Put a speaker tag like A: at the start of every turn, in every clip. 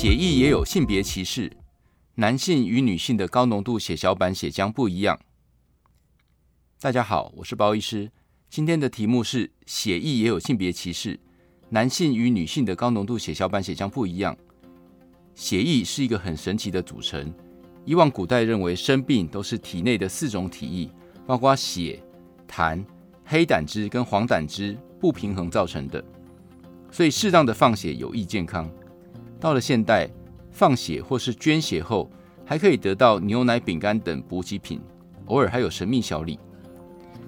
A: 血液也有性別歧視，男性與女性的高濃度血小板血漿不一樣。大家好，我是包醫師，今天的題目是血液也有性別歧視，男性與女性的高濃度血小板血漿不一樣。血液是一個很神奇的組成，以往古代認為生病都是體內的四種體液，包括血、痰、黑膽汁跟黃膽汁不平衡造成的，所以適當的放血有益健康。到了現代，放血或是捐血後，還可以得到牛奶、餅乾等補給品，偶爾還有神秘小禮。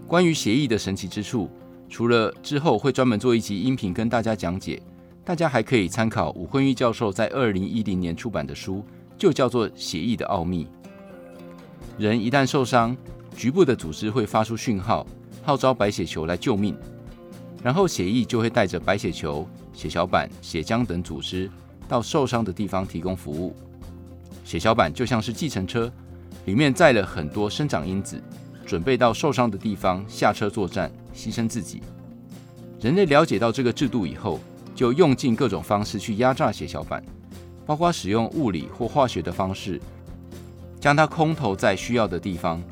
A: 關於血液的神奇之處，除了之後會專門做一集音頻跟大家講解，大家還可以參考武婚玉教授在二零一零年出版的書，就叫做《血液的奧秘》。人一旦受傷，局部的組織會發出訊號，號召白血球來救命，然後血液就會帶着白血球、血小板、血漿等組織。到受傷的地方提供服務，血小板就像是計程車，裡面載了很多生長因子，準備到受傷的地方下車作戰，犧牲自己。人類了解到這個制度以後，就用盡各種方式去壓榨血小板，包括使用物理或化學的方式，將它空投在需要的地方。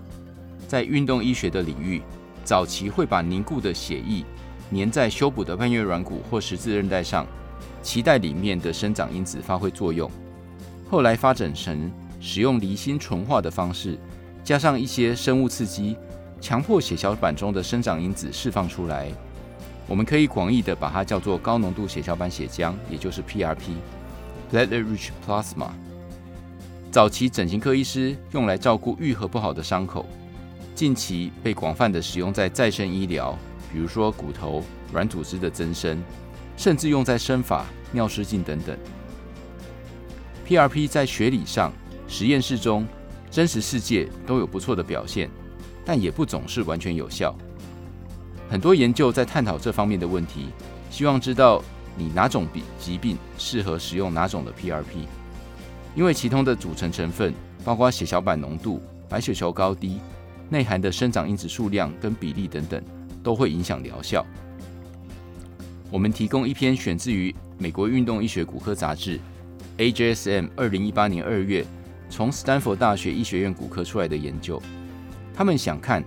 A: 在運動醫學的領域，早期會把凝固的血液粘在修補的半月軟骨或十字韌帶上。期待裡面的生長因子發揮作用，後來發展成使用離心純化的方式，加上一些生物刺激，強迫血小板中的生長因子釋放出來。我們可以廣義的把它叫做高濃度血小板血漿，也就是 p r p l e t e e t Rich Plasma）。早期整形科醫師用來照顧癒合不好的傷口，近期被廣泛的使用在再生醫療，比如說骨頭、軟組織的增生。甚至用在生髮、尿失禁等等。PRP 在學理上、實驗室中、真實世界都有不錯的表現，但也不總是完全有效。很多研究在探討這方面的問題，希望知道你哪種病、疾病適合使用哪種的 PRP，因為其中的組成成分，包括血小板濃度、白血球高低、內含的生長因子數量跟比例等等，都會影響療效。我們提供一篇選自於美國運動醫學骨科雜誌 （AJSM） 二零一八年二月，從斯坦福大學醫學院骨科出來的研究。他們想看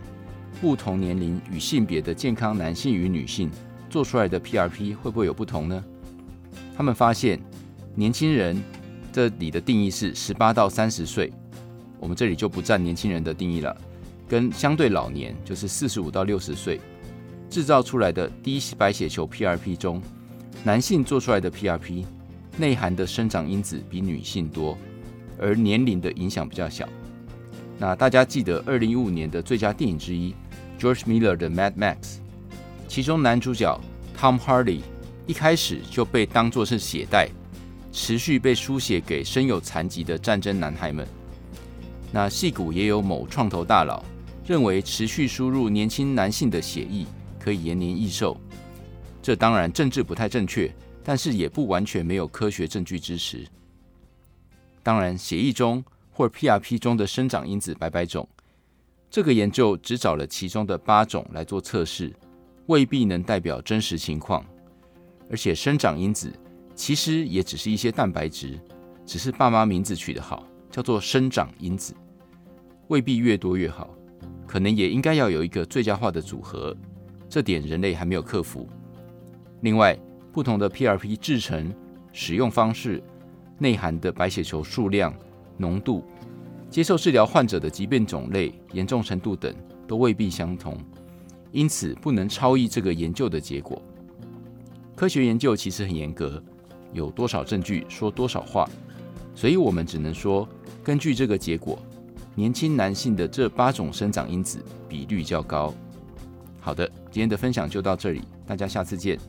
A: 不同年齡與性別的健康男性與女性做出來的 PRP 會不會有不同呢？他們發現，年輕人（這裡的定義是十八到三十歲），我們這裡就不占年輕人的定義了，跟相對老年就是四十五到六十歲。製造出來的低白血球 PRP 中，男性做出來的 PRP 內含的生長因子比女性多，而年齡的影響比較小。那大家記得二零一五年的最佳電影之一，George Miller 的 Mad Max，其中男主角 Tom Hardy 一開始就被當作是血袋，持續被輸血給身有殘疾的戰爭男孩們。那矽谷也有某創投大佬認為，持續輸入年輕男性的血液，可以延年益壽，這當然政治不太正確，但是也不完全沒有科學證據支持。當然，血液中或 PRP 中的生長因子百百種，這個研究只找了其中的八種來做測試，未必能代表真實情況。而且，生長因子其實也只是一些蛋白質，只是爸媽名字取得好，叫做生長因子，未必越多越好，可能也應該要有一個最佳化的組合。這點人類還沒有克服。另外，不同的 PRP 製程、使用方式、內含的白血球數量、濃度、接受治療患者的疾病種類、嚴重程度等，都未必相同，因此不能超越這個研究的結果。科學研究其實很嚴格，有多少證據說多少話，所以我們只能說，根據這個結果，年輕男性的這八種生長因子比率較高。好的，今天的分享就到這裡，大家下次見。